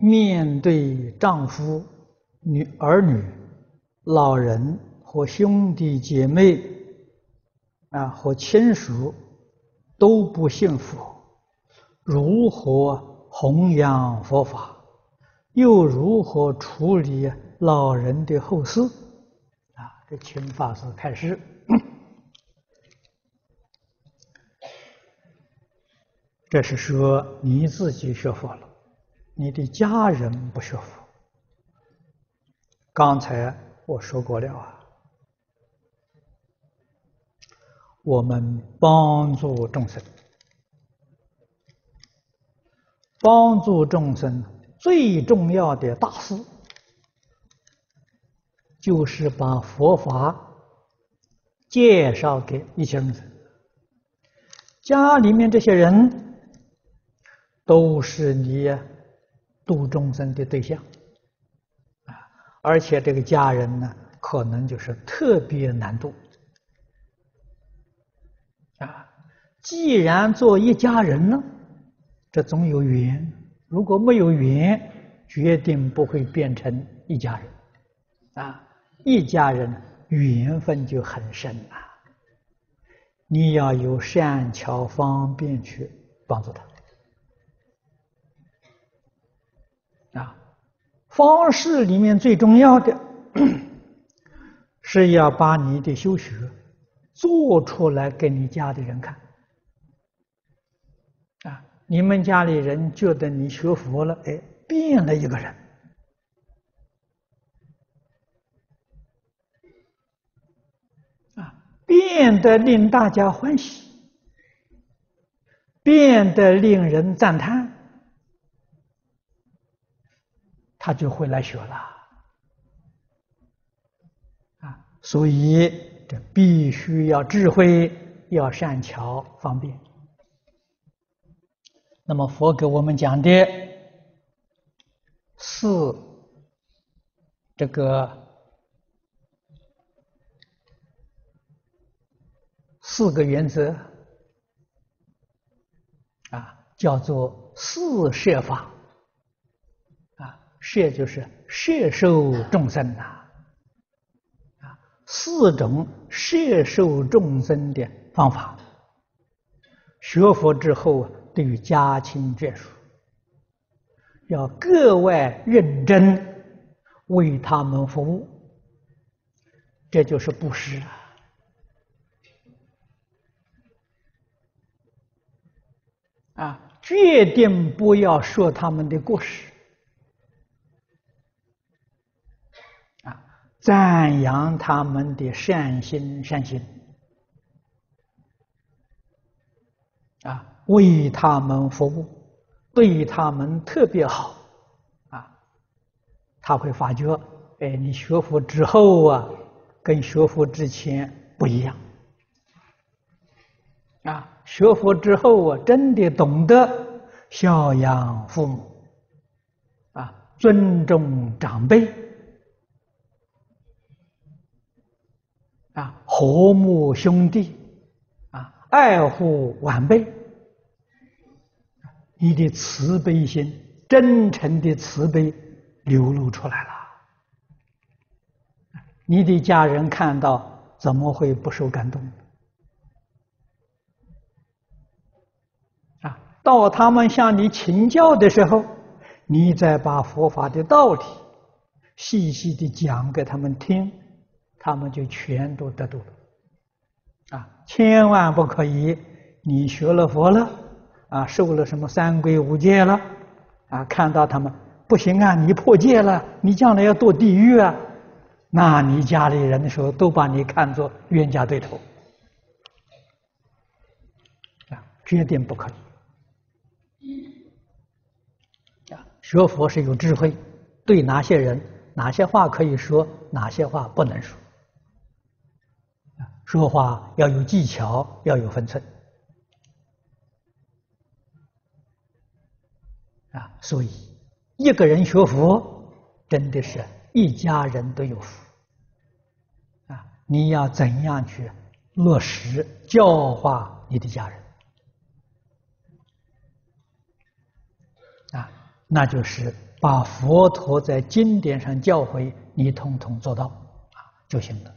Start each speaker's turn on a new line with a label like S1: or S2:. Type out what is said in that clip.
S1: 面對丈夫、女兒女、老人和兄弟姐妹，啊，和親屬都不信佛，如何弘揚佛法？又如何處理老人的後事？啊，這請法師開示。這是說你自己學佛了。你的家人不學佛。剛才我說過了啊，我們幫助眾生，幫助眾生最重要的大事，就是把佛法介紹給一些人。家裡面這些人都是你度眾生的對象，啊，而且這個家人呢，可能就是特別難度，啊，既然做一家人了，這總有緣，如果沒有緣，決定不會變成一家人，啊，一家人緣分就很深啊，你要有善巧方便去幫助他。啊，方式裡面最重要的，是要把你的修學做出來給你家的人看。啊，你們家裡人覺得你學佛了，哎，變了一個人。啊，變得令大家歡喜，變得令人讚嘆。他就會來學了，啊，所以這必須要智慧，要善巧方便。那麼佛給我們講的四這個四個原則啊，叫做四攝法。這就是攝受眾生吶，啊，四種攝受眾生的方法。學佛之後，對於家親眷屬，要格外認真為他們服務，這就是布施啊！啊，決定不要說他們的過失。讚揚他們的善心善行，啊，為他們服務，對他們特別好，啊，他會發覺，哎，你學佛之後啊，跟學佛之前不一樣，啊，學佛之後啊，真的懂得孝養父母，啊，尊重長輩。啊，和睦兄弟，啊，愛護晚輩，你的慈悲心、真誠的慈悲流露出來了。你的家人看到，怎麼會不受感動？啊，到他們向你請教的時候，你再把佛法的道理細細的講給他們聽。他們就全都得度了啊！千萬不可以，你學了佛了啊，受了什麼三皈五戒了啊，看到他們不行啊，你破戒了，你將來要墮地獄啊！那你家裡人的時候都把你看作冤家對頭啊，決定不可以啊！學佛是有智慧，對哪些人、哪些話可以說，哪些話不能說。說話要有技巧，要有分寸啊。所以，一個人學佛，真的是一家人都有福啊。你要怎樣去落實教化你的家人啊？那就是把佛陀在經典上教誨你，統統做到啊，就行了。